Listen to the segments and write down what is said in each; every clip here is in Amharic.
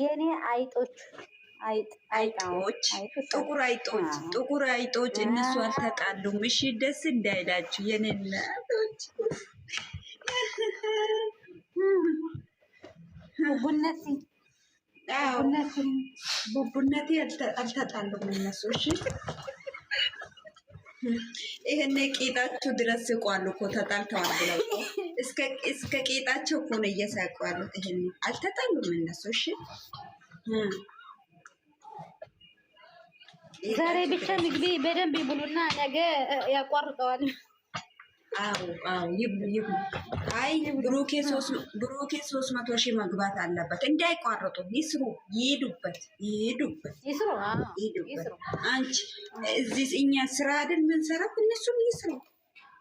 የኔ አይጦች አይጦች ጥቁር አይጦች ጥቁር አይጦች እነሱ አልተጣሉም። እሺ ደስ እንዳይላችሁ የኔ እናቶች። ቡቡነቴ ቡቡነቴ አልተጣሉም እነሱ እሺ ይሄኔ ቄጣቸው ድረስ ስቋሉ እኮ ተጣልተዋል ብለው እስከ ቄጣቸው እኮ ነው እየሳቁ ያሉት። ይሄኔ አልተጣሉም እነሱ። እሺ ዛሬ ብቻ ምግቢ በደንብ ይብሉና ነገ ያቋርጠዋል። አዎ አዎ ይብሉ ይብሉ። አይ ብሩኬ ሶስት መቶ ሺህ መግባት አለበት። እንዳይቋረጡ ይስሩ፣ ይሄዱበት፣ ይሄዱበት፣ ይሄዱበት። አንቺ እዚህ እኛ ስራ አይደል ምንሰራው፣ እነሱም ይስሩ።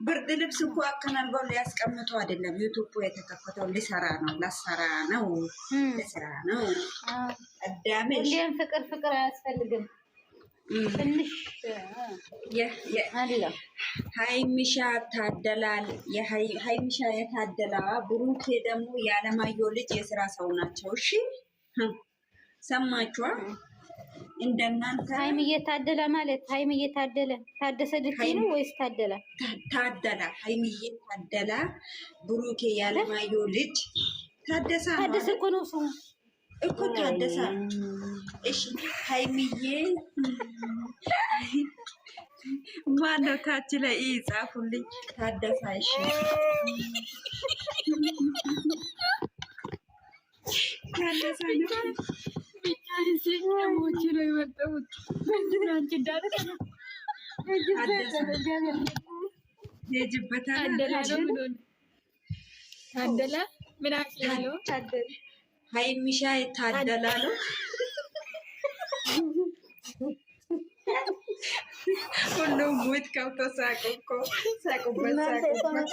ብርድ ልብስ እኮ አከናልበው ሊያስቀምጡ አይደለም። ዩቱብ የተከፈተው ሊሰራ ነው፣ ለስራ ነው፣ ለስራ ነው። አዳሜ ፍቅር ፍቅር አያስፈልግም። ትንሽ ሀይሚሻ ታደላል። ሀይሚሻ የታደላ ብሩኬ ደግሞ የአለማየሁ ልጅ የስራ ሰው ናቸው። እሺ ሰማችኋ? እንደናንተ ሀይሚ እየታደለ ማለት ሀይሚ እየታደለ ታደሰ ድርጅት ነው ወይስ ታደላ? ታደላ ሀይሚ እየታደላ ብሩኬ የአለማየሁ ልጅ ታደሳ ታደሰ እኮ ነው እኮ ታደሳ እሺ ሀይሚዬ ማነው ታች ላይ ይጻፉልኝ። ታደሳሽ እሺ ታደሳ ታደላ ምን አክላለሁ? ሀይሚሻ ታደላ ነው። ሁሉም ሙት ከብቶ ሳቁ እኮ ሳቁበት፣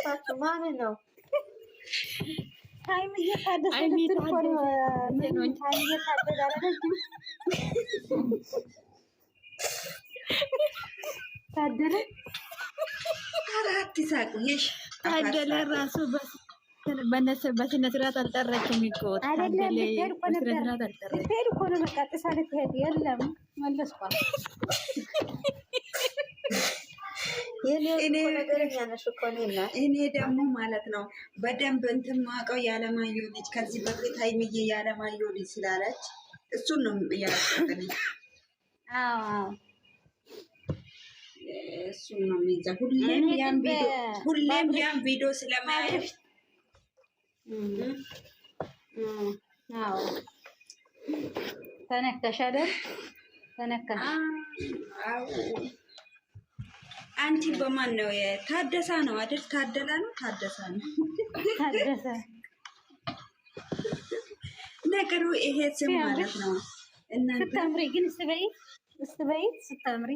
ሳቁበት ማለት ነው። ታይም እየታደሰ ታደለ አራት ሳቁ ታደለ ራሱ በስ በስነ ስርዓት እኮ ልትሄድ እኮ ነው። በቃ ጥሳ ልትሄድ የለም፣ እኔ ደግሞ ማለት ነው በደንብ እንትን ማውቀው ልጅ ከዚህ በፊት ልጅ ስላለች እሱን ነው እሱን ነው ሁሌም ያን ቪዲዮ ተነከሽ አይደል? ተነከሽ። አንቺ በማን ነው? ታደሳ ነው አይደል? ታደላ ነው? ታደሳ ነው? ታደሳ ነገሩ ይሄ ስም ማለት ነው። ስታምሪ ግን ስበይ ስበይ ስታምሪ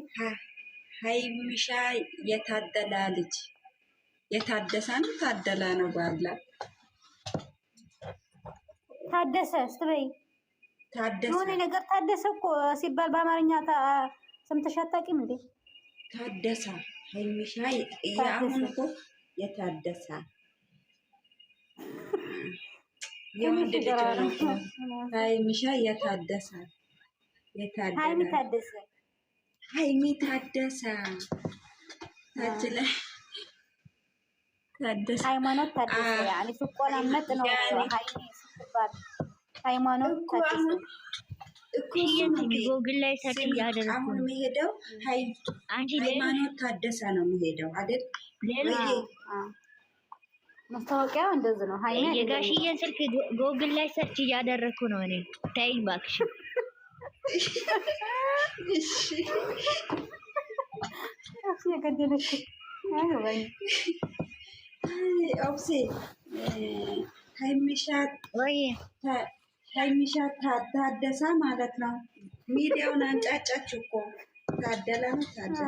ሀይሚሻ የታደላ ልጅ የታደሳ ነው ታደላ ነው ባላ ታደሰ ስትበይ የሆነ ነገር ታደሰ እኮ ሲባል በአማርኛ ሰምተሽ አታውቂም እንዴ? ሀይሚሻ የአሁን እኮ የወንድ ልጅ ሀይሚሻ ሀይሚ ታደሰ ሀይሚ ታደሳ ታች ላይ ሃይማኖት ታደሰ ነው ሀይሚ ባል ሃይማኖት ጎግል ላይ ሰርች እያደረግኩ ነው። የምሄደው ሃይማኖት ታደሰ ነው የምሄደው አይደል? ማስታወቂያ እንደዚህ ነው። የጋሽዬን ስልክ ጎግል ላይ ሰርች እያደረግኩ ነው እኔ። ተይኝ እባክሽ። የገደለች ኦብሴ ሀይሚሻ ታደሳ ማለት ነው። ሚዲያውን አንጫጫች እኮ ታደላ ነው ታደሳ።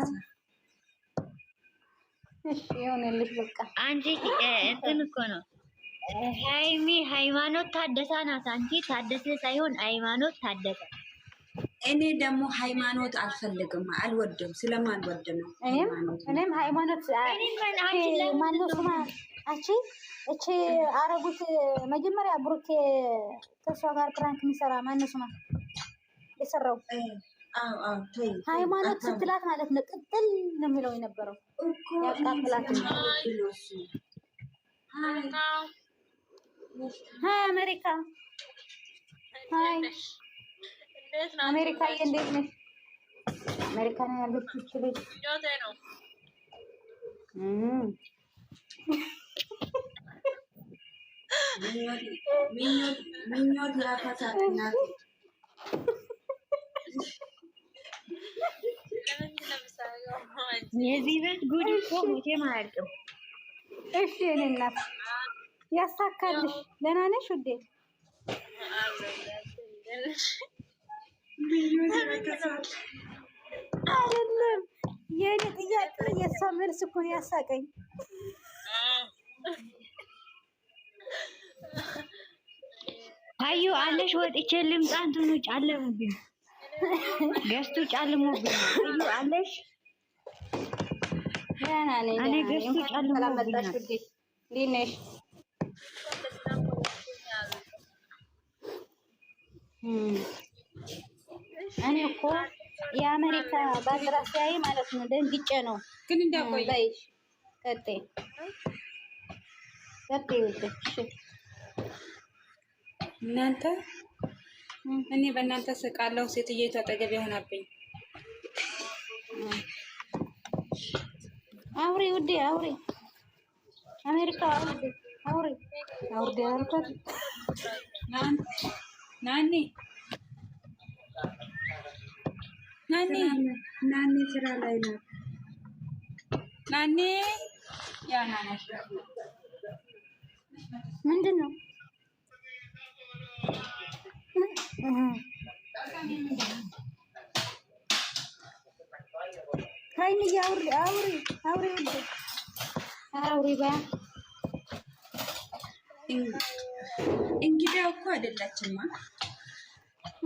አንቺ እንትን እኮ ነው ሀይሚ ሃይማኖት ታደሳ ናት። አንቺ ታደሰ ሳይሆን ሃይማኖት ታደሳ። እኔ ደግሞ ሃይማኖት አልፈልግም፣ አልወድም። ስለማልወድ ነው እኔም ሃይማኖት እቺ አረጉት መጀመሪያ ብሩኬ ከሷ ጋር ፕራንክ የሚሰራ ማነሱ ነው የሰራው። ሃይማኖት ስትላት ማለት ነው ቅጥል ነው የሚለው የነበረው ያቃጥላት። አሜሪካ፣ አሜሪካ፣ እንዴት ነሽ? አሜሪካ ነው ያለች ይችልች ምኞት ያፈታል እናቴ። የዚህ ቤት ጉድ እኮ መቼም አያልቅም። እሺ የእኔ እናት ያሳካልሽ። ደህና ነሽ ውዴ? አይደለም የእኔ ጥያቄ የእሷ መልስ እኮ ነው ያሳቀኝ። አዩ አለሽ ወጥቼ ልምጣ። እንትኑ ጨለሙብኝ፣ ገስቱ ጨልሞብኝ። አዩ አለሽ እኔ ገስቱ ጨልሞብኝ። እንዴት ነሽ? እኔ እኮ የአሜሪካ ባንዲራ ሲያይ ማለት ነው ደንግጬ ነው። ግን እንዳቆይ ቀጤ ቀጤ እናንተ እኔ በእናንተ ስቃለሁ። ሴትየቱ አጠገብ የሆናብኝ አውሪ ውዴ፣ አውሪ አሜሪካ፣ አውሪ አውሪ አውሪ አልኳት። ናኒ ናኒ ናኒ ስራ ላይ ነው ናኒ ያ ናኒ ምንድን ነው ሀይሚዬ አውሪ አውሪ አውሪ አውሪ ባ እንግዲህ እኮ አይደላችማ።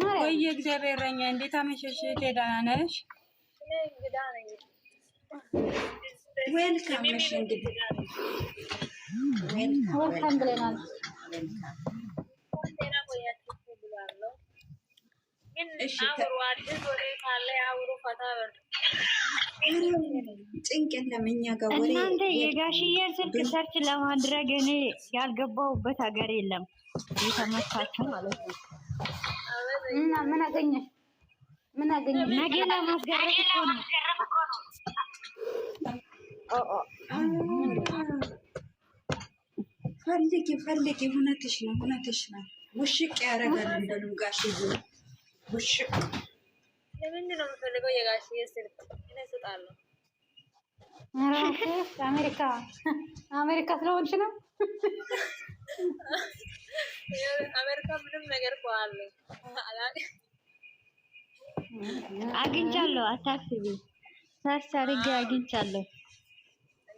ወይ እግዚአብሔርኛ እንዴት አመሸሽ? ደህና ነሽ? ዌልካም ነሽ። እንግዲህ ዌልካም ብለናል። ጭንቅ የለም። እኛ ጋር እናንተ የጋሽዬን ስልክ ሰርች ለማድረግ እኔ ያልገባሁበት ሀገር የለም። የተመሳችሁ ማለት ነው። እና ምን አገኘሽ? ምን አገኘሽ? ነገ ለማስገረፍ እኮ ነው። ፈልጊ ፈልጊ። እውነትሽ ነው፣ እውነትሽ ነው። ውሽቅ ያደርጋል እንደሉ ጋሽዬ ውሽ ለምንድን ነው የምፈልገው? የጋሽ ስልክ እኔ እሰጣለሁ። አሜሪካ አሜሪካ ስለሆንሽ ነው። አሜሪካ ምንም ነገር እኮ አለ አግኝቻለሁ። አታስቢ፣ ሰርች አድርጌ አግኝቻለሁ።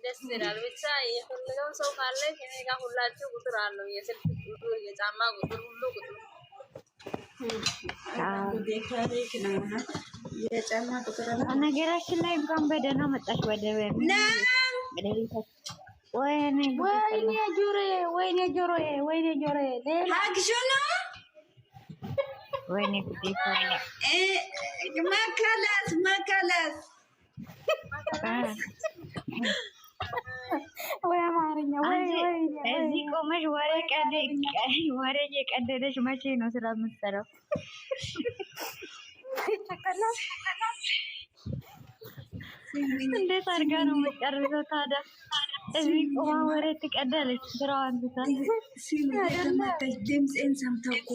ደስ ይላል። ብቻ የፈለገው ሰው ካለ ከኔ ጋር ሁላችሁ ቁጥር አለው፣ የስልክ ቁጥር፣ የጫማ ቁጥር፣ ሁሉ ቁጥር ነገራችን ላይ እንኳን በደህና መጣሽ። ወደ ወይኔ ጆሮዬ፣ ወይኔ ጆሮዬ፣ ወይኔ ጆሮዬ ወይኔ መከለስ መከለስ ወይ አማርኛ እዚህ ቆመሽ ወሬ እየቀደደሽ መቼ ነው ስራ የምትሰራው? እንዴት አድርጋ ነው የምትጨርሰው ታዲያ? እዚህ ቆማ ወሬ ትቀደለች። ስራዋን ድምፄን ሰምተው እኮ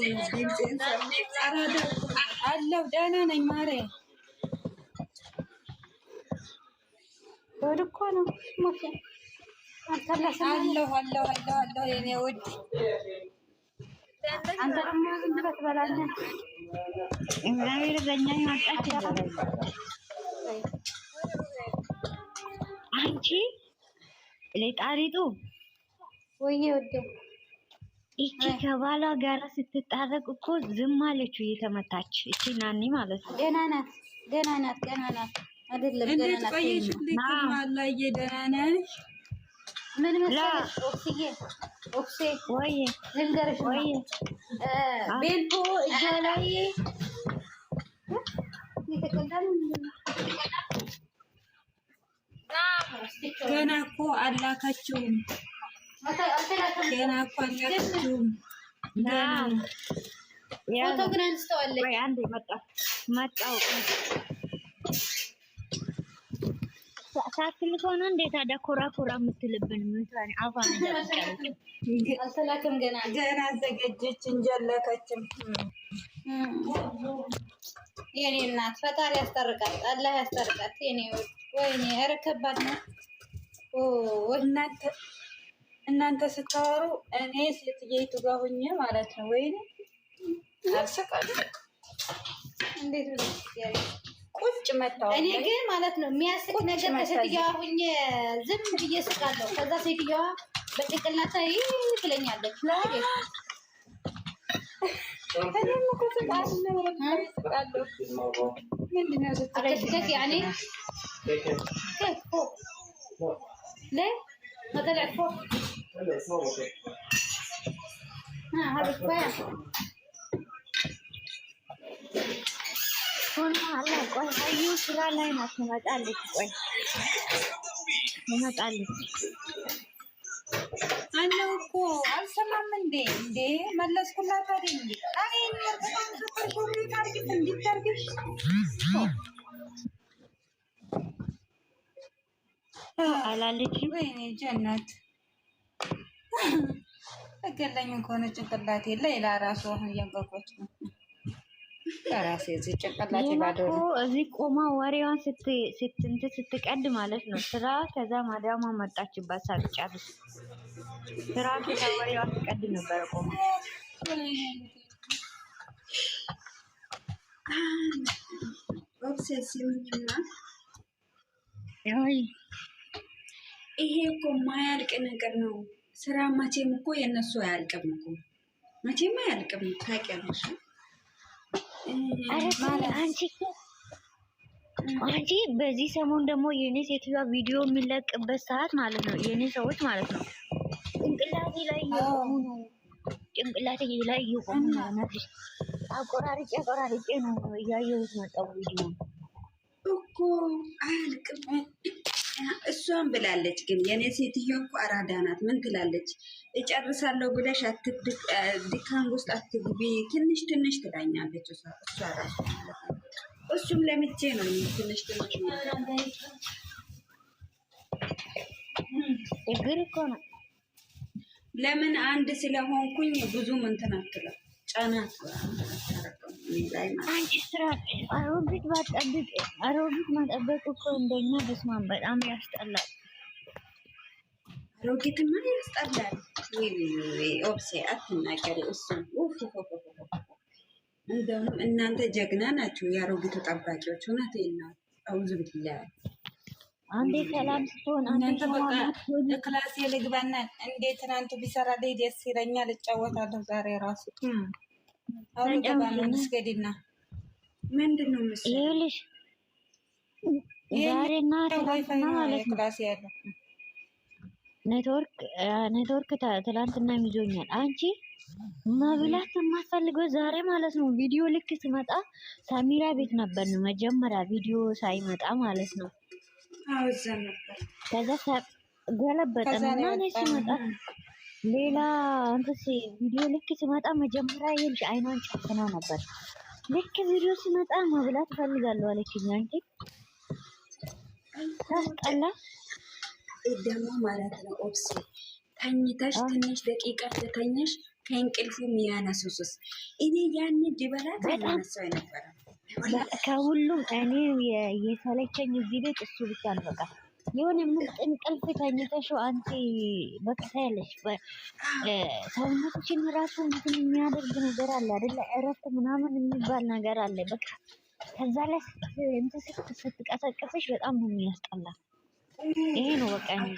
ነው። አለው ደህና ነኝ ማርያም ወድ እኮ ነው ሞት አለሁ አለሁ አለሁ የኔ ውድ አንተ ደግሞ ዝም ብለህ ትበላለህ። እግዚአብሔር በእኛ ይወጣች አንቺ ሌጣሪጡ ወይዬ ወደ ይቺ ከባሏ ጋር ስትጣረቅ እኮ ዝም አለችው እየተመታች። ይቺ ናኒ ማለት ነው። ገና ናት ገና ናት ገና ናት። አይደለም እንዴት ቆየሽ? ማላዬ ደህና ነሽ? ምን መሰለሽ ኦክስዬ ኦክሴ ወይ ልንገርሽ ወይ ቤልቦ እጇ ላይ ገና እኮ አላካችሁም። ገና እኮ አላካችሁም። ፎቶ ግን አንስተዋለች። አንዴ መጣሁ መጣሁ ሳትል ከሆነ እንዴት አዳ ኮራ ኮራ የምትልብን ምንታን አፋ አልተላከም። ገና ገና አዘገጀች እንጀለከችም። የኔ እናት ፈጣሪ ያስጠርቃት፣ አላህ ያስጠርቃት። የኔ ወይኔ ኧረ ከባድ ነው። እናንተ እናንተ ስታወሩ እኔ ሴትዬቱ ጋር ሁኜ ማለት ነው። ወይኔ አልሰቃለሁ። እንዴት ነው ቁጭ መታው። እኔ ግን ማለት ነው የሚያስቅ ነገር ከሴትዮዋ ሁኜ ዝም ብዬ ስቃለሁ። ከዛ ሴትዮዋ በጭንቅላታ ይህ ትለኛለች። لا طلعت ስራ ላይ ናት። ትመጣለች። ቆይ ትመጣለች። አለው እኮ አልሰማም እንዴ? እንዴ መለስኩላት አይደል? አላለችም። ወይኔ ጀነት እገለኝ ከሆነ ጭንቅላት የለ ሌላ ራሱ አሁን እያንቀቆች ነው እዚህ ቆማ ወሬዋን ስትቀድ ማለት ነው። ስራ ከዛ ማዳማ መጣችባት ሳትጨርስ ስራ ከዛ ነበረ ቆማ ይሄ እኮ ማያልቅ ነገር ነው። ስራ መቼም እኮ የእነሱ አያልቅም እኮ መቼም አያልቅም ታውቂያለሽ። አንቺ በዚህ ሰሞን ደግሞ የእኔ ሴትዮዋ ቪዲዮ የሚለቅበት ሰዓት ማለት ነው፣ የእኔ ሰዎች ማለት ነው ጭንቅላቴ ላይ እየሆኑ ጭንቅላቴ ላይ እየሆኑ ነው። አቆራርጬ አቆራርጬ ነው እያየሁት መጣው ቪዲዮ እኮ አያልቅም። እሷን ብላለች። ግን የኔ ሴትዮ እኮ አራዳ ናት። ምን ትላለች? እጨርሳለሁ ብለሽ ድካን ውስጥ አትግቢ፣ ትንሽ ትንሽ ትዳኛለች እሷ ራሱ። እሱም ለምቼ ነው ትንሽ ትንሽ እግር እኮ ነው። ለምን አንድ ስለሆንኩኝ ብዙም እንትን አትለው ጫና ላይ አንቺ ስራ አሮጊት ባጠብቅ አሮጊት ማጠበቅ እኮ እንደኛ በስማን በጣም ያስጠላል። አሮጊትማ ያስጠላል። ኦብሴ አትናገሪ። እሱ እንደውም እናንተ ጀግና ናችሁ፣ የአሮጊቱ ጠባቂዎች ሆናት ና አውዝ ብትለያል አንዴ ሰላም ስትሆን አንተ በቃ ክላሴ ልግባና እንዴ ትናንቱ ቢሰራ ደስ ይለኛል፣ እጫወታለሁ ዛሬ ራሱ ዛሬና ትላንትና ማለት ነው ኔትወርክ ኔትወርክ ትላንትና ይዞኛል። አንቺ መብላት የማትፈልገው ዛሬ ማለት ነው። ቪዲዮ ልክ ስመጣ ሳሚራ ቤት ነበር ነው መጀመሪያ ቪዲዮ ሳይመጣ ማለት ነው። ከዛ ገለበጠ እና ሌላ አንተስ ቪዲዮ ልክ ስመጣ መጀመሪያ ይልሽ አይኗን ጨፍና ነበር። ልክ ቪዲዮ ስመጣ መብላት ፈልጋለሁ አለችኝ። አንቺ ታስጠላ ደግሞ ማለት ነው። ኦብሴ ተኝተሽ ትንሽ ደቂቃ ተተኝሽ ከእንቅልፉ የሚያነሱሱስ እኔ ያን ድበላት ያነሰው አይነበረ ከሁሉም እኔ የተለቸኝ እዚህ ቤት እሱ ብቻ ነው በቃ የሆነ ምርጥ እንቅልፍ ተኝተሽው አንቺ በቃ ያለሽ ሰውነትሽን ራሱ እንትን የሚያደርግ ነገር አለ አይደለ? እረፍት ምናምን የሚባል ነገር አለ። በቃ ከዛ ላይ እንትን ስትቀሰቅስሽ በጣም ነው የሚያስጠላ። ይሄ ነው በቃ ነው